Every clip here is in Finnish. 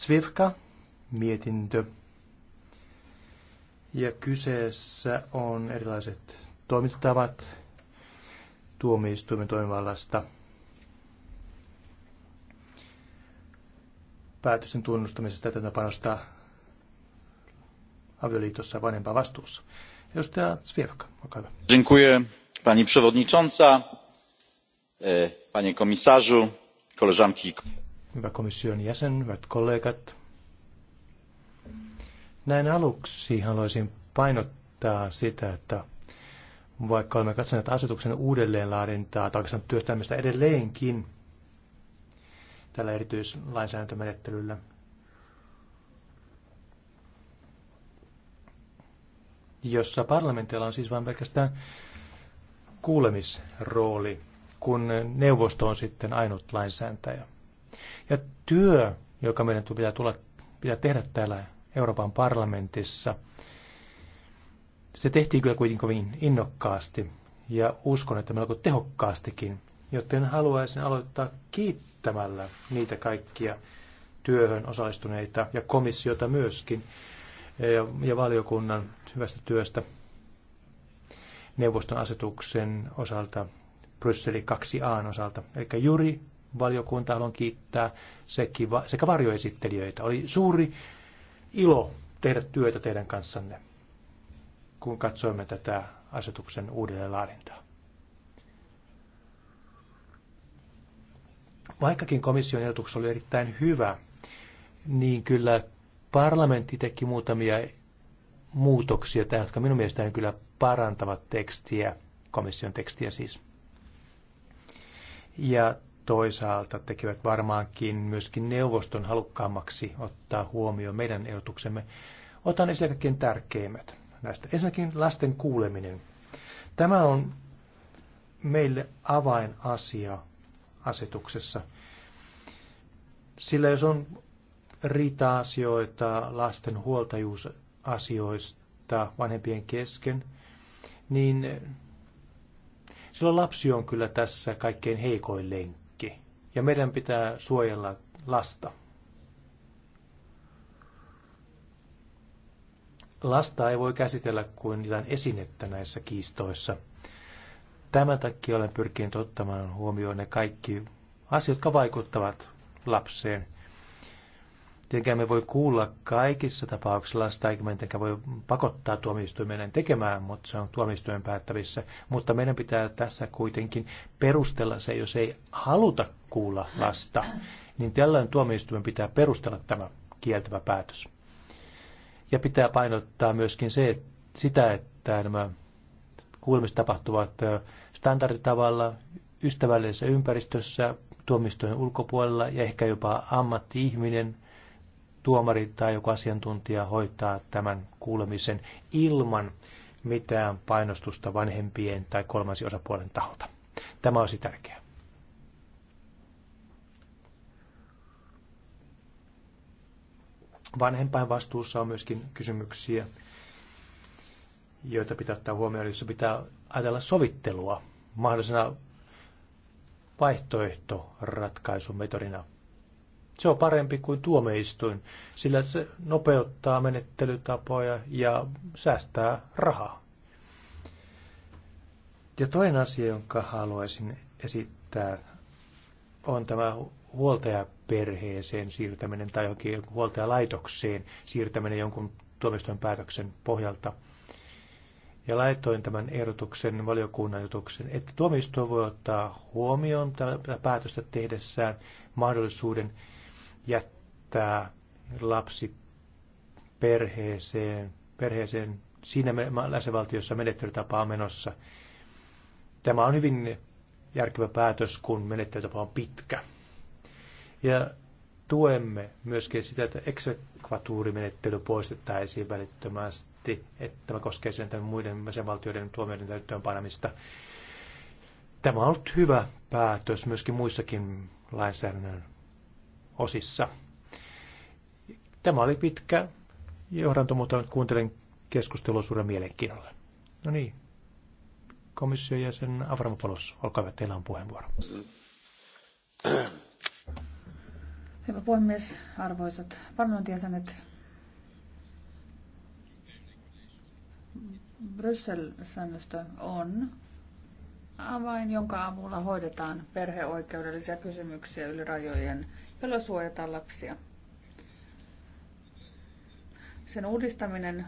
Zvivka, mietintö. Ja kyseessä on erilaiset toimintatavat tuomioistuimen toimivallasta. Päätösten tunnustamisesta tätä panosta avioliitossa vanhempaa vastuussa. Edustaja Zwiewka, olkaa hyvä. Dziękuję pani przewodnicząca, e, panie komisarzu, koleżanki i hyvä komission jäsen, hyvät kollegat. Näin aluksi haluaisin painottaa sitä, että vaikka olemme katsoneet asetuksen uudelleenlaadintaa tai oikeastaan työstämistä edelleenkin tällä erityislainsäädäntömenettelyllä, jossa parlamentilla on siis vain pelkästään kuulemisrooli, kun neuvosto on sitten ainut lainsääntäjä. Ja työ, joka meidän pitää, tulla, pitää tehdä täällä Euroopan parlamentissa, se tehtiin kyllä kuitenkin kovin innokkaasti ja uskon, että melko tehokkaastikin, joten haluaisin aloittaa kiittämällä niitä kaikkia työhön osallistuneita ja komissiota myöskin ja, ja valiokunnan hyvästä työstä neuvoston asetuksen osalta, Brysseli 2a osalta. Eli juuri Valiokunta haluan kiittää sekä varjoesittelijöitä. Oli suuri ilo tehdä työtä teidän kanssanne, kun katsoimme tätä asetuksen uudelleen laadintaa. Vaikkakin komission ehdotus oli erittäin hyvä, niin kyllä parlamentti teki muutamia muutoksia tähän, jotka minun mielestäni kyllä parantavat tekstiä, komission tekstiä siis. Ja toisaalta tekevät varmaankin myöskin neuvoston halukkaammaksi ottaa huomioon meidän ehdotuksemme. Otan esille kaikkein tärkeimmät näistä. Ensinnäkin lasten kuuleminen. Tämä on meille avainasia asetuksessa. Sillä jos on riita-asioita, lasten huoltajuusasioista vanhempien kesken, niin silloin lapsi on kyllä tässä kaikkein heikoin lenkki ja meidän pitää suojella lasta. Lasta ei voi käsitellä kuin jotain esinettä näissä kiistoissa. Tämän takia olen pyrkinyt ottamaan huomioon ne kaikki asiat, jotka vaikuttavat lapseen – Tietenkään me voi kuulla kaikissa tapauksissa lasta, eikä me voi pakottaa tuomioistuimen tekemään, mutta se on tuomioistuimen päättävissä. Mutta meidän pitää tässä kuitenkin perustella se, jos ei haluta kuulla lasta, niin tällainen tuomioistuimen pitää perustella tämä kieltävä päätös. Ja pitää painottaa myöskin se, että sitä, että nämä kuulemiset tapahtuvat standarditavalla, ystävällisessä ympäristössä, tuomistojen ulkopuolella ja ehkä jopa ammatti-ihminen – tuomari tai joku asiantuntija hoitaa tämän kuulemisen ilman mitään painostusta vanhempien tai kolmansi osapuolen taholta. Tämä olisi tärkeää. Vanhempain vastuussa on myöskin kysymyksiä, joita pitää ottaa huomioon, jossa pitää ajatella sovittelua mahdollisena vaihtoehtoratkaisumetodina se on parempi kuin tuomioistuin, sillä se nopeuttaa menettelytapoja ja säästää rahaa. Ja toinen asia, jonka haluaisin esittää, on tämä huoltajaperheeseen siirtäminen tai johonkin huoltajalaitokseen siirtäminen jonkun tuomioistuin päätöksen pohjalta. Ja laitoin tämän ehdotuksen, valiokunnan jutuksen, että tuomioistuin voi ottaa huomioon tätä päätöstä tehdessään mahdollisuuden jättää lapsi perheeseen, perheeseen siinä läsevaltiossa menettelytapa on menossa. Tämä on hyvin järkevä päätös, kun menettelytapa on pitkä. Ja tuemme myöskin sitä, että eksekvatuurimenettely poistettaisiin välittömästi, että tämä koskee sen tämän muiden jäsenvaltioiden tuomioiden täyttöön panemista. Tämä on ollut hyvä päätös myöskin muissakin lainsäädännön osissa. Tämä oli pitkä johdanto, mutta kuuntelen keskustelua suuren mielenkiinnolla. No niin, komission jäsen Avramopoulos, olkaa hyvä, teillä on puheenvuoro. Hyvä puhemies, arvoisat parlamentin Bryssel-säännöstö on avain, jonka avulla hoidetaan perheoikeudellisia kysymyksiä yli rajojen, jolla suojataan lapsia. Sen uudistaminen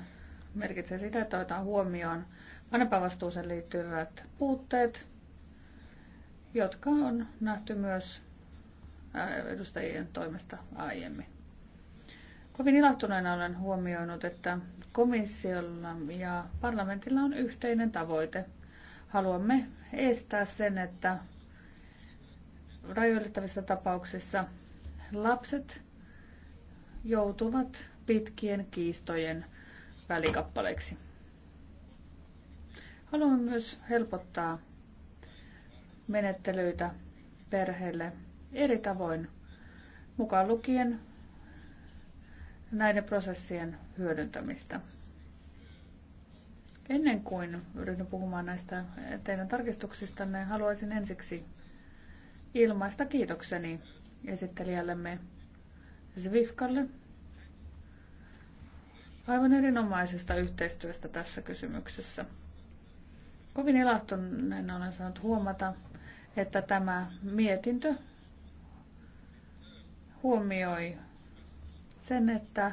merkitsee sitä, että otetaan huomioon vanhempavastuuseen liittyvät puutteet, jotka on nähty myös äh, edustajien toimesta aiemmin. Kovin ilahtuneena olen huomioinut, että komissiolla ja parlamentilla on yhteinen tavoite. Haluamme estää sen, että rajoitettavissa tapauksissa lapset joutuvat pitkien kiistojen välikappaleiksi. Haluamme myös helpottaa menettelyitä perheille eri tavoin, mukaan lukien näiden prosessien hyödyntämistä. Ennen kuin ryhdyn puhumaan näistä teidän tarkistuksistanne, haluaisin ensiksi ilmaista kiitokseni esittelijällemme Zvifkalle aivan erinomaisesta yhteistyöstä tässä kysymyksessä. Kovin ilahtuneena olen saanut huomata, että tämä mietintö huomioi sen, että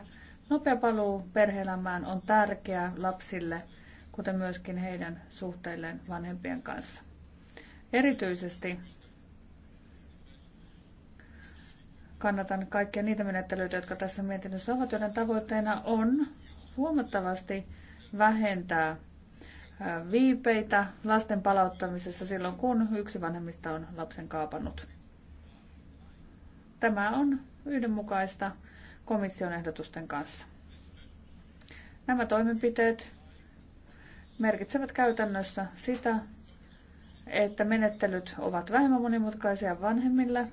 nopea paluu perheelämään on tärkeä lapsille – kuten myöskin heidän suhteilleen vanhempien kanssa. Erityisesti kannatan kaikkia niitä menettelyitä, jotka tässä mietinnössä ovat, joiden tavoitteena on huomattavasti vähentää viipeitä lasten palauttamisessa silloin, kun yksi vanhemmista on lapsen kaapannut. Tämä on yhdenmukaista komission ehdotusten kanssa. Nämä toimenpiteet merkitsevät käytännössä sitä, että menettelyt ovat vähemmän monimutkaisia vanhemmille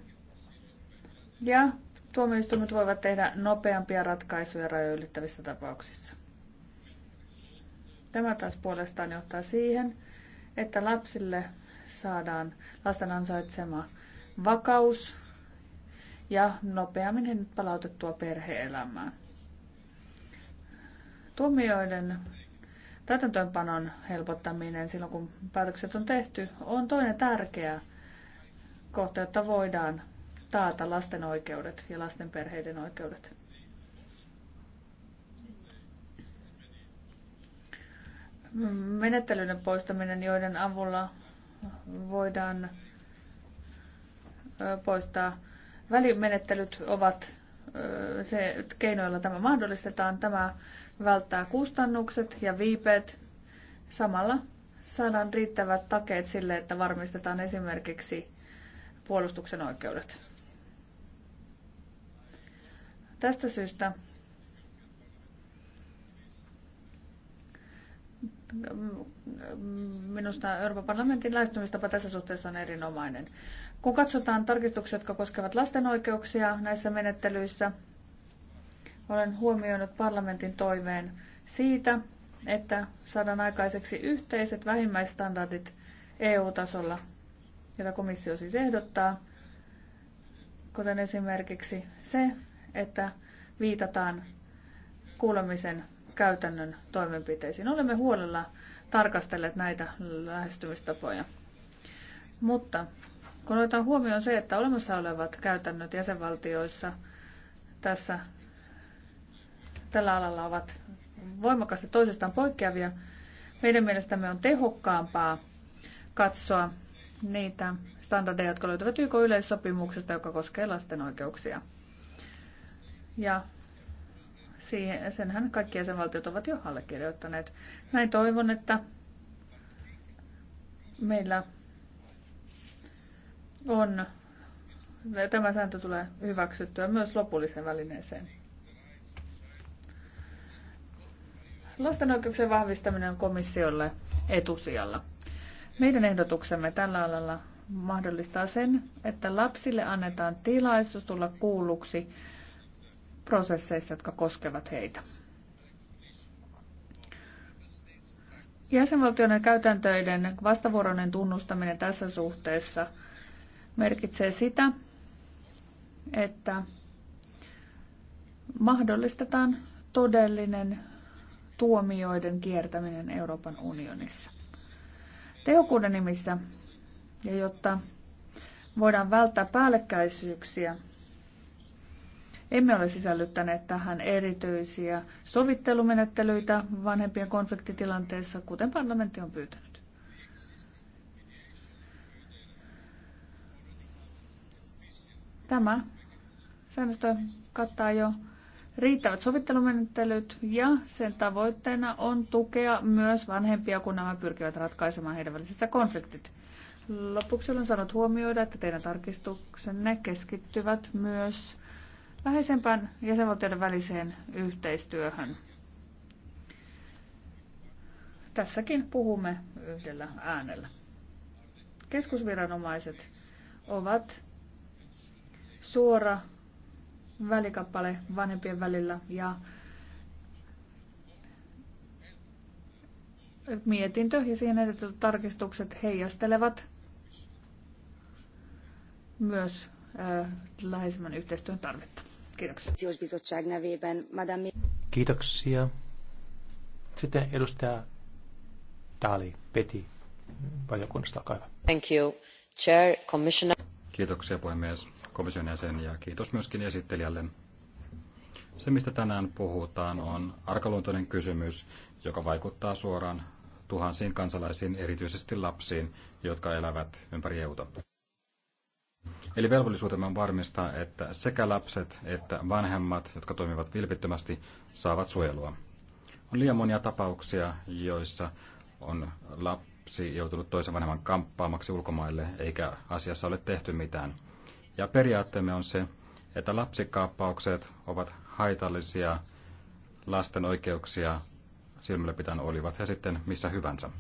ja tuomioistuimet voivat tehdä nopeampia ratkaisuja rajoja ylittävissä tapauksissa. Tämä taas puolestaan johtaa siihen, että lapsille saadaan lasten ansaitsema vakaus ja nopeammin palautettua perhe-elämään. Tuomioiden täytäntöönpanon helpottaminen silloin, kun päätökset on tehty, on toinen tärkeä kohta, jotta voidaan taata lasten oikeudet ja lasten perheiden oikeudet. Menettelyiden poistaminen, joiden avulla voidaan poistaa välimenettelyt, ovat se keino, jolla tämä mahdollistetaan. Tämä välttää kustannukset ja viipeet. Samalla saadaan riittävät takeet sille, että varmistetaan esimerkiksi puolustuksen oikeudet. Tästä syystä minusta Euroopan parlamentin lähestymistapa tässä suhteessa on erinomainen. Kun katsotaan tarkistuksia, jotka koskevat lasten oikeuksia näissä menettelyissä, olen huomioinut parlamentin toiveen siitä, että saadaan aikaiseksi yhteiset vähimmäisstandardit EU-tasolla, jota komissio siis ehdottaa, kuten esimerkiksi se, että viitataan kuulemisen käytännön toimenpiteisiin. Olemme huolella tarkastelleet näitä lähestymistapoja. Mutta kun otetaan huomioon se, että olemassa olevat käytännöt jäsenvaltioissa tässä tällä alalla ovat voimakkaasti toisistaan poikkeavia. Meidän mielestämme on tehokkaampaa katsoa niitä standardeja, jotka löytyvät YK yleissopimuksesta, joka koskee lasten oikeuksia. Ja siihen, senhän kaikki jäsenvaltiot ovat jo allekirjoittaneet. Näin toivon, että meillä on, tämä sääntö tulee hyväksyttyä myös lopulliseen välineeseen. Lasten oikeuksien vahvistaminen on komissiolle etusijalla. Meidän ehdotuksemme tällä alalla mahdollistaa sen, että lapsille annetaan tilaisuus tulla kuulluksi prosesseissa, jotka koskevat heitä. Jäsenvaltioiden käytäntöiden vastavuoroinen tunnustaminen tässä suhteessa merkitsee sitä, että mahdollistetaan todellinen tuomioiden kiertäminen Euroopan unionissa. Tehokkuuden nimissä ja jotta voidaan välttää päällekkäisyyksiä, emme ole sisällyttäneet tähän erityisiä sovittelumenettelyitä vanhempien konfliktitilanteessa, kuten parlamentti on pyytänyt. Tämä säännöstö kattaa jo riittävät sovittelumenettelyt ja sen tavoitteena on tukea myös vanhempia, kun nämä pyrkivät ratkaisemaan heidän välisissä konfliktit. Lopuksi olen saanut huomioida, että teidän tarkistuksenne keskittyvät myös läheisempään jäsenvaltioiden väliseen yhteistyöhön. Tässäkin puhumme yhdellä äänellä. Keskusviranomaiset ovat suora välikappale vanhempien välillä ja mietintö ja siihen edetyt tarkistukset heijastelevat myös äh, läheisemmän yhteistyön tarvetta. Kiitoksia. Kiitoksia. Sitten edustaja Dali Peti valiokunnasta, olkaa hyvä. Thank you, Chair, Commissioner. Kiitoksia puhemies komission jäsen ja kiitos myöskin esittelijälle. Se, mistä tänään puhutaan, on arkaluontoinen kysymys, joka vaikuttaa suoraan tuhansiin kansalaisiin, erityisesti lapsiin, jotka elävät ympäri EUta. Eli velvollisuutemme on varmistaa, että sekä lapset että vanhemmat, jotka toimivat vilpittömästi, saavat suojelua. On liian monia tapauksia, joissa on lapsi joutunut toisen vanhemman kamppaamaksi ulkomaille, eikä asiassa ole tehty mitään – ja periaatteemme on se, että lapsikaappaukset ovat haitallisia lasten oikeuksia silmällä pitäen olivat he sitten missä hyvänsä.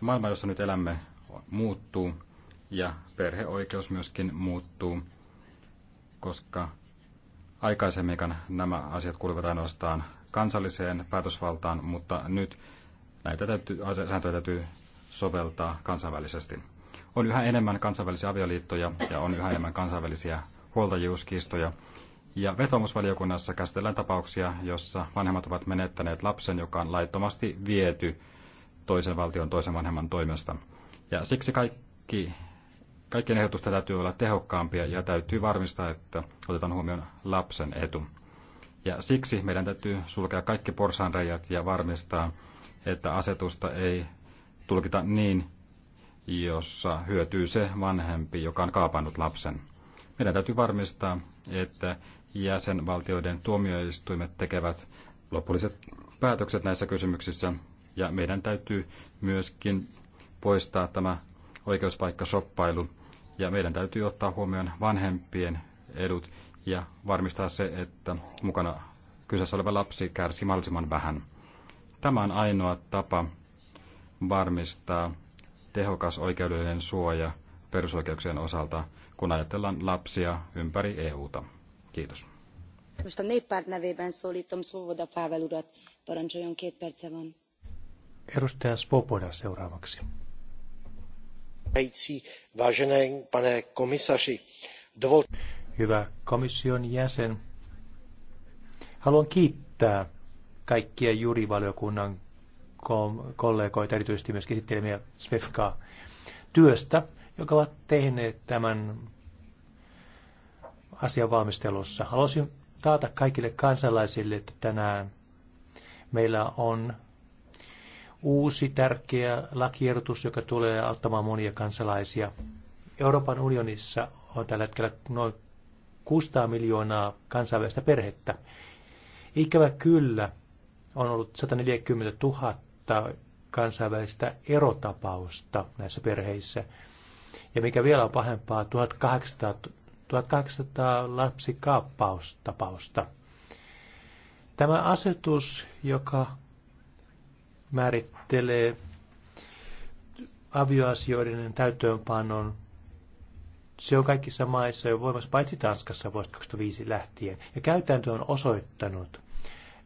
Maailma, jossa nyt elämme, muuttuu ja perheoikeus myöskin muuttuu, koska aikaisemmin nämä asiat kuuluvat ainoastaan kansalliseen päätösvaltaan, mutta nyt näitä täytyy, sääntöjä täytyy soveltaa kansainvälisesti on yhä enemmän kansainvälisiä avioliittoja ja on yhä enemmän kansainvälisiä huoltajuuskiistoja. Ja vetomusvaliokunnassa käsitellään tapauksia, jossa vanhemmat ovat menettäneet lapsen, joka on laittomasti viety toisen valtion toisen vanhemman toimesta. Ja siksi kaikki, kaikkien ehdotusten täytyy olla tehokkaampia ja täytyy varmistaa, että otetaan huomioon lapsen etu. Ja siksi meidän täytyy sulkea kaikki porsaanreijät ja varmistaa, että asetusta ei tulkita niin, jossa hyötyy se vanhempi, joka on kaapannut lapsen. Meidän täytyy varmistaa, että jäsenvaltioiden tuomioistuimet tekevät lopulliset päätökset näissä kysymyksissä, ja meidän täytyy myöskin poistaa tämä oikeuspaikkashoppailu, ja meidän täytyy ottaa huomioon vanhempien edut ja varmistaa se, että mukana kyseessä oleva lapsi kärsii mahdollisimman vähän. Tämä on ainoa tapa varmistaa tehokas oikeudellinen suoja perusoikeuksien osalta, kun ajatellaan lapsia ympäri EUta. Kiitos. Most ne néppárt nevében szólítom Svoboda Pável urat. Parancsoljon, két perce van. Edustaja Svoboda seuraavaksi. Vážený pane komisaři, dovol... Hyvä komission jäsen. Haluan kiittää kaikkia jurivaliokunnan kollegoita, erityisesti myös esittelemiä Svefkaa työstä, joka ovat tehneet tämän asian valmistelussa. Haluaisin taata kaikille kansalaisille, että tänään meillä on uusi tärkeä lakiehdotus, joka tulee auttamaan monia kansalaisia. Euroopan unionissa on tällä hetkellä noin 600 miljoonaa kansainvälistä perhettä. Ikävä kyllä on ollut 140 000 noudattaa kansainvälistä erotapausta näissä perheissä. Ja mikä vielä on pahempaa, 1800, 1800 lapsikaappaustapausta. Tämä asetus, joka määrittelee avioasioiden täytöönpanon, se on kaikissa maissa jo voimassa, paitsi Tanskassa vuodesta 2005 lähtien. Ja käytäntö on osoittanut,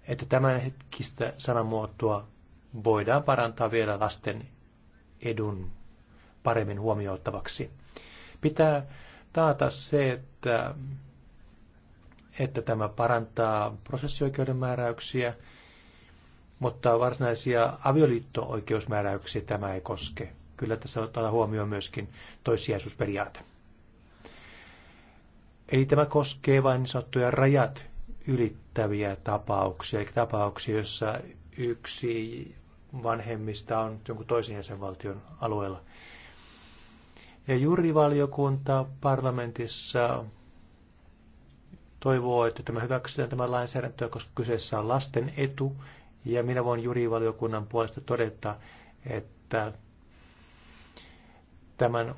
että tämän hetkistä sanamuotoa voidaan parantaa vielä lasten edun paremmin huomioittavaksi. Pitää taata se, että, että tämä parantaa prosessioikeuden määräyksiä, mutta varsinaisia avioliitto-oikeusmääräyksiä tämä ei koske. Kyllä tässä otetaan huomioon myöskin toissijaisuusperiaate. Eli tämä koskee vain niin sanottuja rajat ylittäviä tapauksia, eli tapauksia, joissa yksi vanhemmista on jonkun toisen jäsenvaltion alueella. Ja jurivaliokunta parlamentissa toivoo, että tämä hyväksytään tämä lainsäädäntö, koska kyseessä on lasten etu. Ja minä voin jurivaliokunnan puolesta todeta, että tämän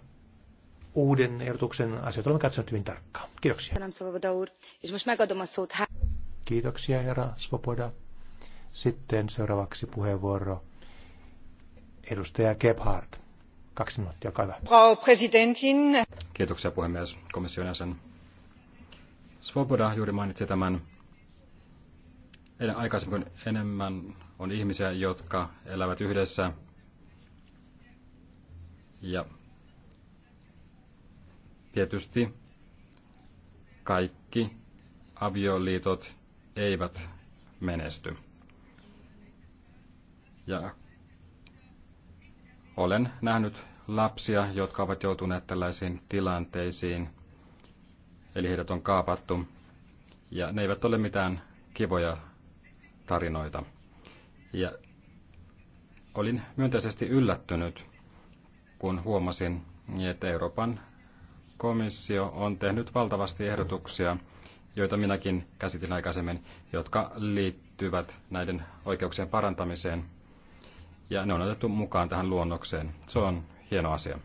uuden ehdotuksen asiat olemme katsoneet hyvin tarkkaan. Kiitoksia. Kiitoksia, herra Svoboda. Sitten seuraavaksi puheenvuoro edustaja Gebhardt. Kaksi minuuttia, kaiva. Frau Präsidentin. Kiitoksia puhemies, komission jäsen. Svoboda juuri mainitsi tämän. Aikaisemmin enemmän on ihmisiä, jotka elävät yhdessä. Ja tietysti kaikki avioliitot eivät menesty. Ja olen nähnyt lapsia, jotka ovat joutuneet tällaisiin tilanteisiin, eli heidät on kaapattu, ja ne eivät ole mitään kivoja tarinoita. Ja olin myönteisesti yllättynyt, kun huomasin, että Euroopan komissio on tehnyt valtavasti ehdotuksia, joita minäkin käsitin aikaisemmin, jotka liittyvät näiden oikeuksien parantamiseen ja ne on otettu mukaan tähän luonnokseen. Se on hieno asia.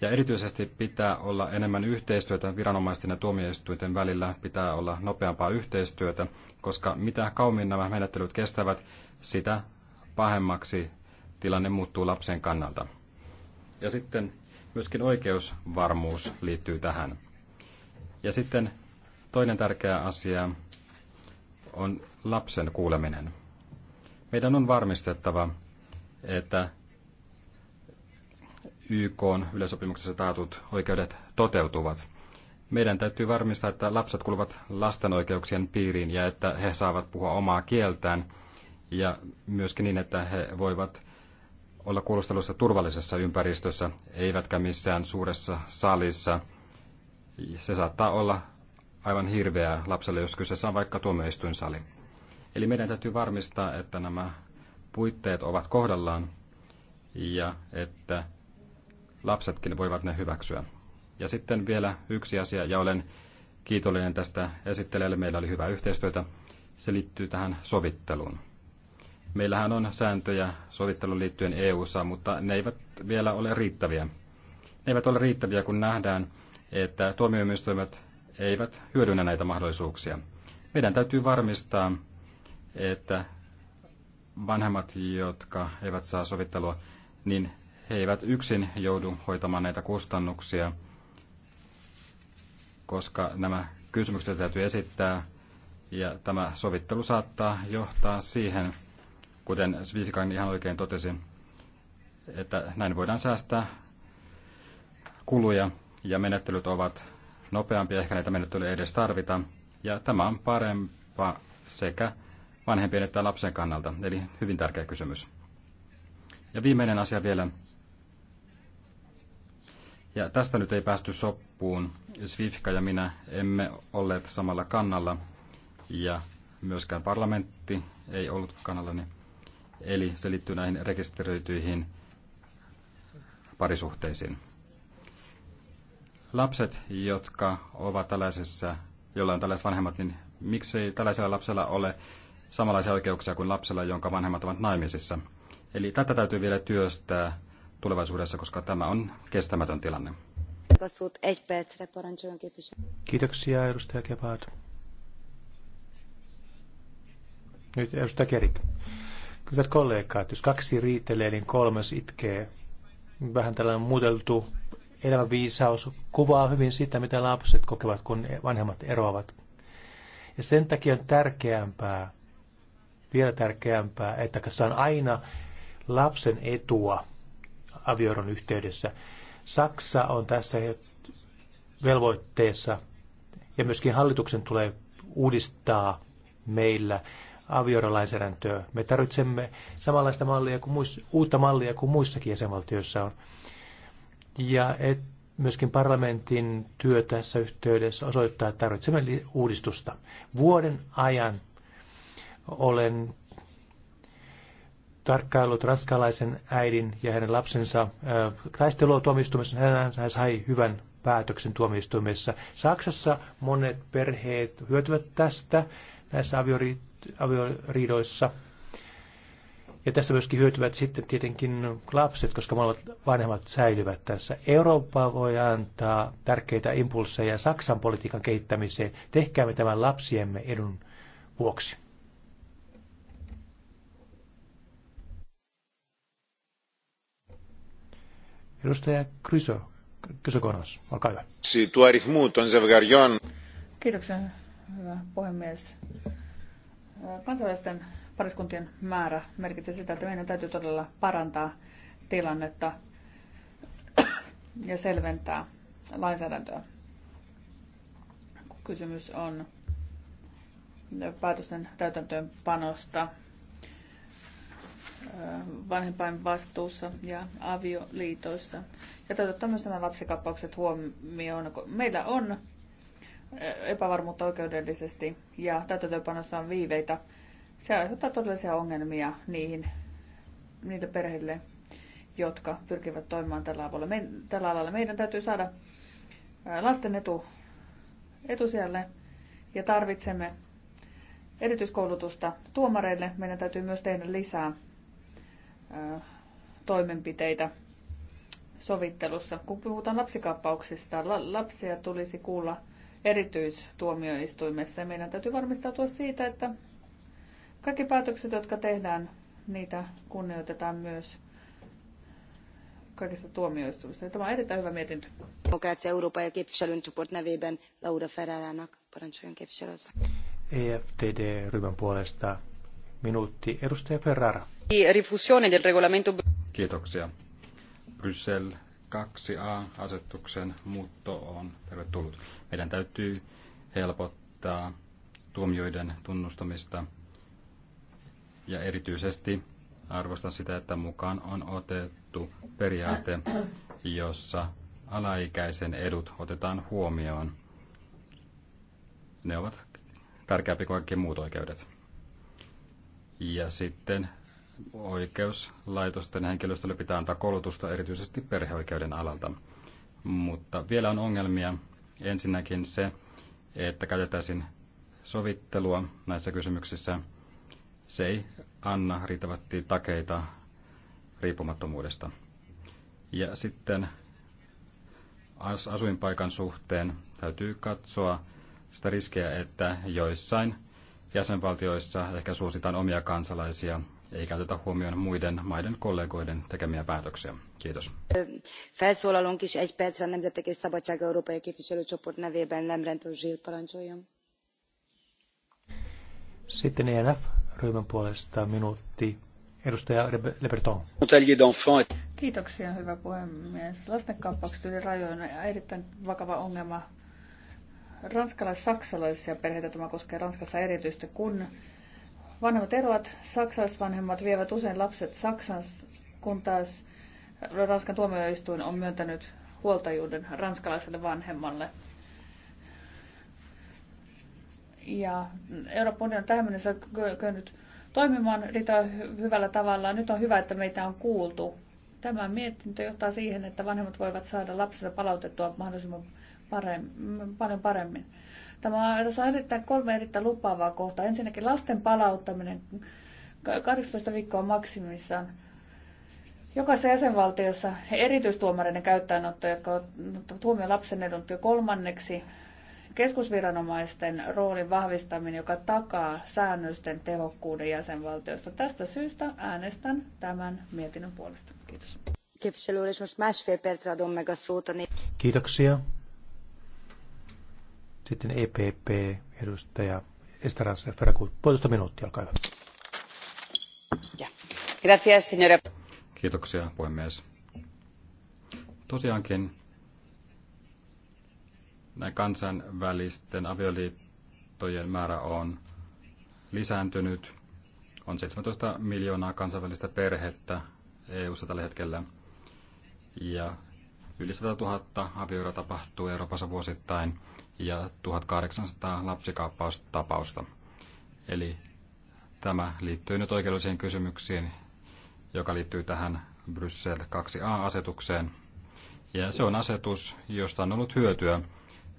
Ja erityisesti pitää olla enemmän yhteistyötä viranomaisten ja tuomioistuinten välillä, pitää olla nopeampaa yhteistyötä, koska mitä kauemmin nämä menettelyt kestävät, sitä pahemmaksi tilanne muuttuu lapsen kannalta. Ja sitten myöskin oikeusvarmuus liittyy tähän. Ja sitten toinen tärkeä asia on lapsen kuuleminen. Meidän on varmistettava, että YK on yleisopimuksessa taatut oikeudet toteutuvat. Meidän täytyy varmistaa, että lapset kuuluvat lasten oikeuksien piiriin ja että he saavat puhua omaa kieltään ja myöskin niin, että he voivat olla kuulustelussa turvallisessa ympäristössä, eivätkä missään suuressa salissa. Se saattaa olla aivan hirveää lapselle, jos kyseessä on vaikka tuomioistuinsali. Eli meidän täytyy varmistaa, että nämä puitteet ovat kohdallaan ja että lapsetkin voivat ne hyväksyä. Ja sitten vielä yksi asia, ja olen kiitollinen tästä esittelijälle. Meillä oli hyvää yhteistyötä. Se liittyy tähän sovitteluun. Meillähän on sääntöjä sovitteluun liittyen eu mutta ne eivät vielä ole riittäviä. Ne eivät ole riittäviä, kun nähdään, että tuomioimistoimet eivät hyödynnä näitä mahdollisuuksia. Meidän täytyy varmistaa, että vanhemmat, jotka eivät saa sovittelua, niin he eivät yksin joudu hoitamaan näitä kustannuksia, koska nämä kysymykset täytyy esittää ja tämä sovittelu saattaa johtaa siihen, kuten Svifkan ihan oikein totesi, että näin voidaan säästää kuluja ja menettelyt ovat nopeampia, ehkä näitä menettelyjä ei edes tarvita. Ja tämä on parempa sekä vanhempien että lapsen kannalta, eli hyvin tärkeä kysymys. Ja viimeinen asia vielä. Ja tästä nyt ei päästy soppuun. Svifka ja minä emme olleet samalla kannalla ja myöskään parlamentti ei ollut kannallani. Eli se liittyy näihin rekisteröityihin parisuhteisiin. Lapset, jotka ovat tällaisessa, jolla on tällaiset vanhemmat, niin miksei tällaisella lapsella ole samanlaisia oikeuksia kuin lapsella, jonka vanhemmat ovat naimisissa. Eli tätä täytyy vielä työstää tulevaisuudessa, koska tämä on kestämätön tilanne. Kiitoksia, edustaja Gebhard. Nyt edustaja Kerik. Hyvät kollegat, jos kaksi riitelee, niin kolmas itkee. Vähän tällainen muuteltu elämänviisaus kuvaa hyvin sitä, mitä lapset kokevat, kun vanhemmat eroavat. Ja sen takia on tärkeämpää vielä tärkeämpää, että on aina lapsen etua avioron yhteydessä. Saksa on tässä velvoitteessa ja myöskin hallituksen tulee uudistaa meillä aviorolainsäädäntöä. Me tarvitsemme samanlaista mallia kuin muissa, uutta mallia kuin muissakin jäsenvaltioissa on. Ja et, myöskin parlamentin työ tässä yhteydessä osoittaa, että tarvitsemme uudistusta. Vuoden ajan olen tarkkaillut ranskalaisen äidin ja hänen lapsensa taistelua tuomioistuimessa. Hän sai hyvän päätöksen tuomioistuimessa. Saksassa monet perheet hyötyvät tästä näissä aviori, avioriidoissa. Ja tässä myöskin hyötyvät sitten tietenkin lapset, koska molemmat vanhemmat säilyvät tässä. Eurooppa voi antaa tärkeitä impulseja Saksan politiikan kehittämiseen. Tehkäämme tämän lapsiemme edun vuoksi. Edustaja Kryso, Krysokonos, olkaa hyvä. Kiitoksia, hyvä puhemies. Kansainvälisten pariskuntien määrä merkitsee sitä, että meidän täytyy todella parantaa tilannetta ja selventää lainsäädäntöä. Kysymys on päätösten täytäntöönpanosta vanhempain vastuussa ja avioliitoissa. Ja toivottavasti myös nämä lapsikappaukset huomioon. Meillä on eh, epävarmuutta oikeudellisesti ja täytäntöönpanossa on viiveitä. Se aiheuttaa todellisia ongelmia niihin, niille perheille, jotka pyrkivät toimimaan tällä, avulla. Me, tällä alalla. Meidän täytyy saada eh, lasten etu etu siellä, ja tarvitsemme erityiskoulutusta tuomareille. Meidän täytyy myös tehdä lisää toimenpiteitä sovittelussa. Kun puhutaan lapsikaappauksista, lapsia tulisi kuulla erityistuomioistuimessa meidän täytyy varmistautua siitä, että kaikki päätökset, jotka tehdään, niitä kunnioitetaan myös kaikista tuomioistuimista. Tämä on erittäin hyvä mietintö. Demokrácia Euroopan ja képviselyn csoport EFTD-ryhmän puolesta minuutti. Edustaja Ferrara. Kiitoksia. Bryssel 2a-asetuksen muutto on tervetullut. Meidän täytyy helpottaa tuomioiden tunnustamista ja erityisesti arvostan sitä, että mukaan on otettu periaate, jossa alaikäisen edut otetaan huomioon. Ne ovat tärkeämpi kuin kaikki muut oikeudet. Ja sitten oikeuslaitosten henkilöstölle pitää antaa koulutusta erityisesti perheoikeuden alalta. Mutta vielä on ongelmia. Ensinnäkin se, että käytetään sovittelua näissä kysymyksissä. Se ei anna riittävästi takeita riippumattomuudesta. Ja sitten asuinpaikan suhteen täytyy katsoa sitä riskejä, että joissain jäsenvaltioissa ehkä suositaan omia kansalaisia ei oteta huomioon muiden maiden kollegoiden tekemiä päätöksiä. Kiitos. Felszólalunk is egy percre Nemzetek és Szabadság Európai Képviselőcsoport nevében Lemrentől Zsil parancsoljon. Sitten ENF-ryhmän puolesta minuutti. Edustaja Leberton. Kiitoksia, hyvä puhemies. Lastenkaappaukset yli rajoina on erittäin vakava ongelma ranskalais-saksalaisia perheitä tämä koskee Ranskassa erityisesti, kun vanhemmat eroat, saksalaiset vanhemmat vievät usein lapset Saksan, kun taas Ranskan tuomioistuin on myöntänyt huoltajuuden ranskalaiselle vanhemmalle. Ja Euroopan unioni on tähän mennessä kyennyt toimimaan riittävän hyvällä tavalla. Nyt on hyvä, että meitä on kuultu. Tämä mietintö johtaa siihen, että vanhemmat voivat saada lapsensa palautettua mahdollisimman paremmin, paljon paremmin. Tämä on, tässä on erittäin, kolme erittäin lupaavaa kohtaa. Ensinnäkin lasten palauttaminen 18 viikkoa maksimissaan. Jokaisessa jäsenvaltiossa erityistuomareiden käyttäjänotto, jotka ottavat huomioon lapsen edun kolmanneksi, keskusviranomaisten roolin vahvistaminen, joka takaa säännösten tehokkuuden jäsenvaltiosta. Tästä syystä äänestän tämän mietinnön puolesta. Kiitos. Kiitoksia. Sitten EPP-edustaja Estaras Ferragut. Puolitoista minuuttia, olkaa hyvä. Gracias, señora. Kiitoksia, puhemies. Tosiaankin näin kansainvälisten avioliittojen määrä on lisääntynyt. On 17 miljoonaa kansainvälistä perhettä EU-ssa tällä hetkellä. Ja yli 100 000 avioira tapahtuu Euroopassa vuosittain ja 1800 lapsikaappaustapausta. Eli tämä liittyy nyt oikeudellisiin kysymyksiin, joka liittyy tähän Bryssel 2a-asetukseen. Ja se on asetus, josta on ollut hyötyä,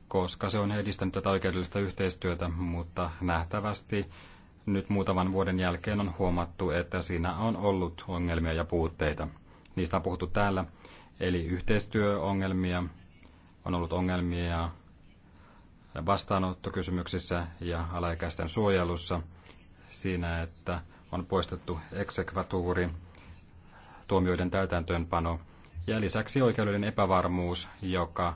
koska se on edistänyt tätä oikeudellista yhteistyötä, mutta nähtävästi nyt muutaman vuoden jälkeen on huomattu, että siinä on ollut ongelmia ja puutteita. Niistä on puhuttu täällä, eli yhteistyöongelmia, on ollut ongelmia vastaanottokysymyksissä ja alaikäisten suojelussa siinä, että on poistettu eksekvatuuri, tuomioiden täytäntöönpano ja lisäksi oikeudellinen epävarmuus, joka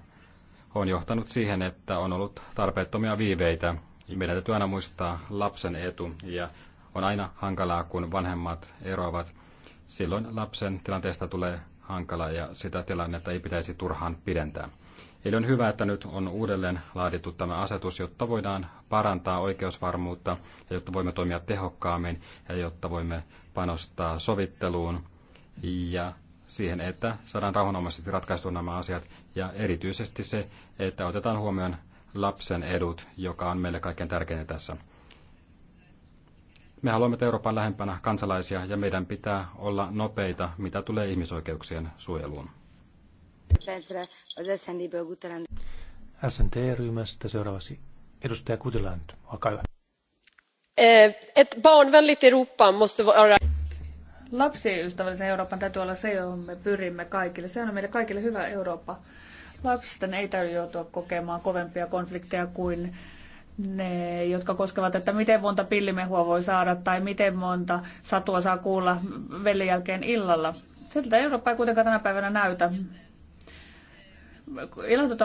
on johtanut siihen, että on ollut tarpeettomia viiveitä. Meidän täytyy aina muistaa lapsen etu ja on aina hankalaa, kun vanhemmat eroavat. Silloin lapsen tilanteesta tulee hankala ja sitä tilannetta ei pitäisi turhaan pidentää. Eli on hyvä, että nyt on uudelleen laadittu tämä asetus, jotta voidaan parantaa oikeusvarmuutta ja jotta voimme toimia tehokkaammin ja jotta voimme panostaa sovitteluun ja siihen, että saadaan rauhanomaisesti ratkaistua nämä asiat ja erityisesti se, että otetaan huomioon lapsen edut, joka on meille kaikkein tärkeintä tässä. Me haluamme Euroopan lähempänä kansalaisia ja meidän pitää olla nopeita, mitä tulee ihmisoikeuksien suojeluun. SNT-ryhmästä seuraavaksi edustaja Kutiland, olkaa hyvä. Eh, et barnvänligt Europa måste vara... Lapsiystävällisen Euroopan täytyy olla se, johon me pyrimme kaikille. Se on meille kaikille hyvä Eurooppa. Lapsisten ei täytyy joutua kokemaan kovempia konflikteja kuin ne, jotka koskevat, että miten monta pillimehua voi saada tai miten monta satua saa kuulla velin jälkeen illalla. Siltä Eurooppa ei kuitenkaan tänä päivänä näytä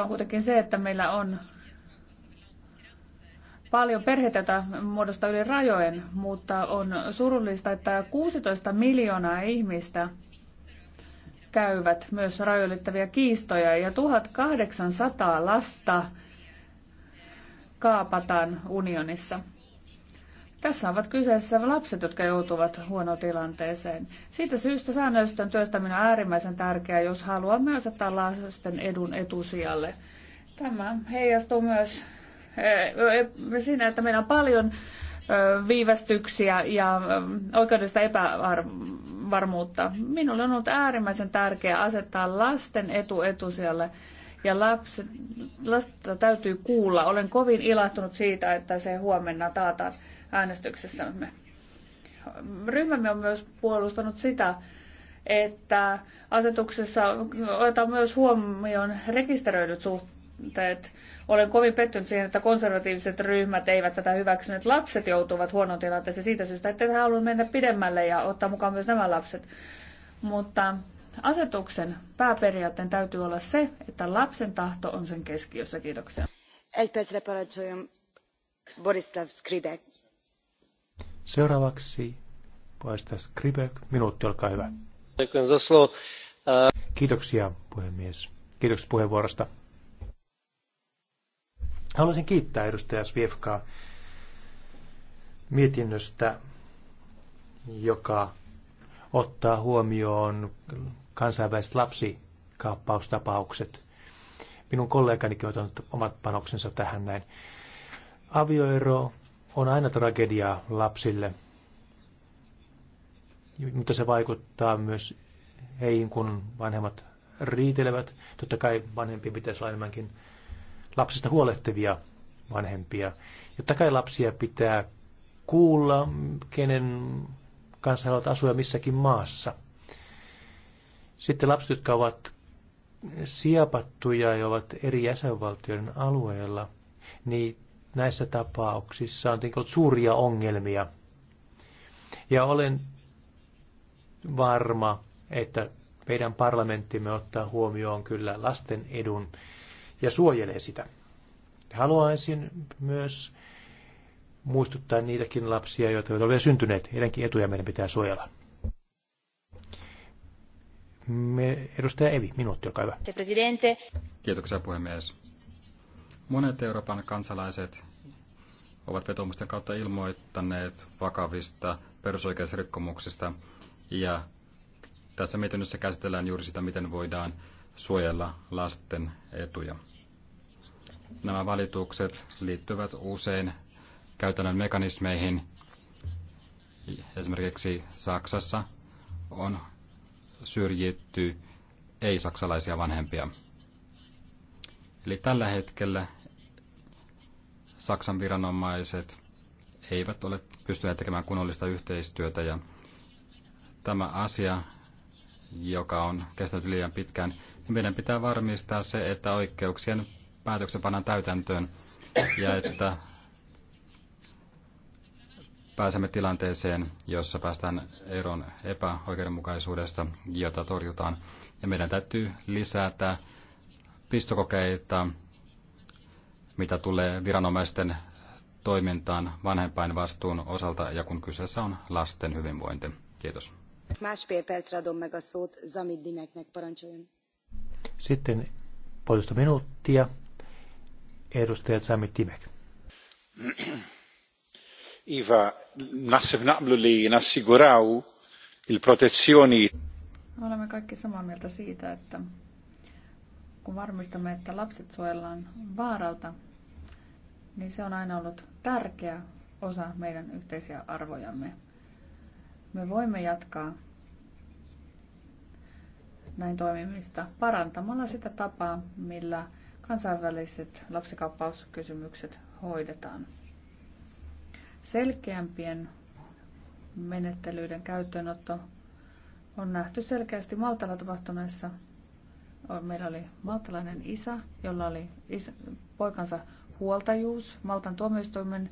on kuitenkin se, että meillä on paljon perheitä, joita muodostaa yli rajojen, mutta on surullista, että 16 miljoonaa ihmistä käyvät myös rajoittavia kiistoja ja 1800 lasta kaapataan unionissa. Tässä ovat kyseessä lapset, jotka joutuvat huonoon tilanteeseen. Siitä syystä säännöllisten työstäminen on äärimmäisen tärkeää, jos haluamme asettaa lasten edun etusijalle. Tämä heijastuu myös eh, eh, siinä, että meillä on paljon eh, viivästyksiä ja oikeudesta epävarmuutta. Minulle on ollut äärimmäisen tärkeää asettaa lasten etu etusijalle ja lapset, lasta täytyy kuulla. Olen kovin ilahtunut siitä, että se huomenna taataan äänestyksessämme. Ryhmämme on myös puolustanut sitä, että asetuksessa otetaan myös huomioon rekisteröidyt suhteet. Olen kovin pettynyt siihen, että konservatiiviset ryhmät eivät tätä hyväksyneet. Lapset joutuvat huonon tilanteeseen siitä syystä, että he haluavat mennä pidemmälle ja ottaa mukaan myös nämä lapset. Mutta asetuksen pääperiaatteen täytyy olla se, että lapsen tahto on sen keskiössä. Kiitoksia. Boris Skribek Seuraavaksi puolesta Skribek. Minuutti, olkaa hyvä. Kiitoksia puhemies. Kiitoksia puheenvuorosta. Haluaisin kiittää edustaja Svievkaa mietinnöstä, joka ottaa huomioon kansainväliset lapsikaappaustapaukset. Minun kollegani on ottanut omat panoksensa tähän näin. Avioero on aina tragediaa lapsille, mutta se vaikuttaa myös heihin, kun vanhemmat riitelevät. Totta kai vanhempi pitäisi olla enemmänkin lapsista huolehtivia vanhempia. Totta kai lapsia pitää kuulla, kenen kanssa haluat asua missäkin maassa. Sitten lapset, jotka ovat siapattuja ja ovat eri jäsenvaltioiden alueella, niin näissä tapauksissa on ollut suuria ongelmia. Ja olen varma, että meidän parlamenttimme ottaa huomioon kyllä lasten edun ja suojelee sitä. Haluaisin myös muistuttaa niitäkin lapsia, joita ovat vielä syntyneet. Heidänkin etuja meidän pitää suojella. Me, edustaja Evi, minuutti, olkaa hyvä. Kiitoksia puhemies. Monet Euroopan kansalaiset ovat vetomusten kautta ilmoittaneet vakavista perusoikeusrikkomuksista ja tässä mietinnössä käsitellään juuri sitä, miten voidaan suojella lasten etuja. Nämä valitukset liittyvät usein käytännön mekanismeihin. Esimerkiksi Saksassa on syrjitty ei-saksalaisia vanhempia. Eli tällä hetkellä Saksan viranomaiset eivät ole pystyneet tekemään kunnollista yhteistyötä ja tämä asia, joka on kestänyt liian pitkään, niin meidän pitää varmistaa se, että oikeuksien päätöksen pannaan täytäntöön ja että pääsemme tilanteeseen, jossa päästään eron epäoikeudenmukaisuudesta, jota torjutaan. Ja meidän täytyy lisätä pistokokeita, mitä tulee viranomaisten toimintaan vanhempain vastuun osalta ja kun kyseessä on lasten hyvinvointi. Kiitos. Sitten puolitoista minuuttia. Edustaja Sami Timek. Iva, naħseb naqblu li nassiguraw il protezioni. Olemme kaikki samaa mieltä siitä, että kun varmistamme, että lapset suojellaan vaaralta, niin se on aina ollut tärkeä osa meidän yhteisiä arvojamme. Me voimme jatkaa näin toimimista parantamalla sitä tapaa, millä kansainväliset lapsikauppauskysymykset hoidetaan. Selkeämpien menettelyiden käyttöönotto on nähty selkeästi Maltalla tapahtuneessa meillä oli maltalainen isä, jolla oli isä, poikansa huoltajuus Maltan tuomioistuimen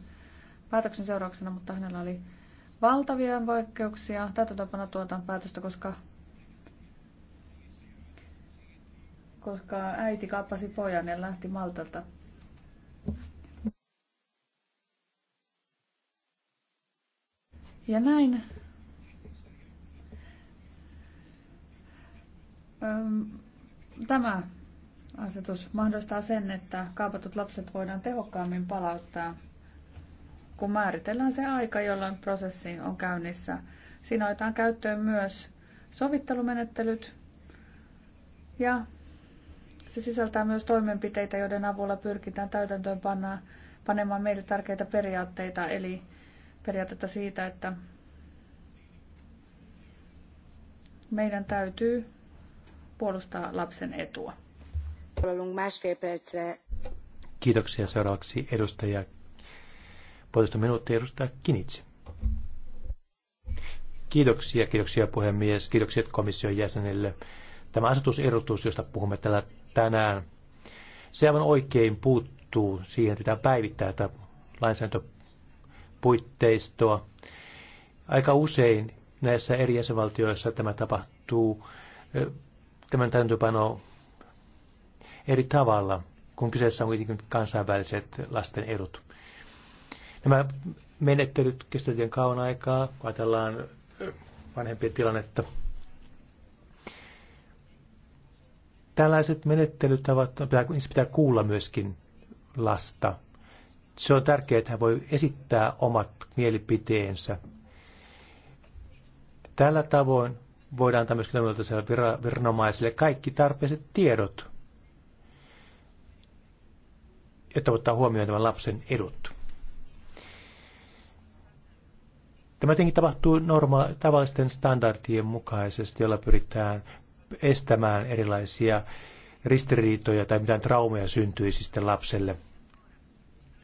päätöksen seurauksena, mutta hänellä oli valtavia vaikeuksia tapana tuotan päätöstä, koska, koska äiti kaappasi pojan ja lähti Maltalta. Ja näin. Um... Tämä asetus mahdollistaa sen, että kaapatut lapset voidaan tehokkaammin palauttaa, kun määritellään se aika, jolloin prosessi on käynnissä. Siinä otetaan käyttöön myös sovittelumenettelyt ja se sisältää myös toimenpiteitä, joiden avulla pyrkitään täytäntöön panemaan meille tärkeitä periaatteita, eli periaatetta siitä, että meidän täytyy puolustaa lapsen etua. Kiitoksia. Seuraavaksi edustaja, puolitoista minuuttia edustaja Kinitsi. Kiitoksia, kiitoksia puhemies, kiitoksia komission jäsenille. Tämä asetusehdotus, josta puhumme täällä tänään, se aivan oikein puuttuu siihen, että pitää päivittää tätä lainsäädäntöpuitteistoa. Aika usein näissä eri jäsenvaltioissa tämä tapahtuu tämän täytäntöpano eri tavalla, kun kyseessä on kuitenkin kansainväliset lasten edut. Nämä menettelyt kestävät kauan aikaa, kun ajatellaan vanhempien tilannetta. Tällaiset menettelyt pitää, niissä pitää kuulla myöskin lasta. Se on tärkeää, että hän voi esittää omat mielipiteensä. Tällä tavoin voidaan antaa myöskin toimivaltaiselle viranomaisille kaikki tarpeelliset tiedot, jotta ottaa huomioon tämän lapsen edut. Tämä tietenkin tapahtuu norma- tavallisten standardien mukaisesti, jolla pyritään estämään erilaisia ristiriitoja tai mitään traumeja syntyisi sitten lapselle.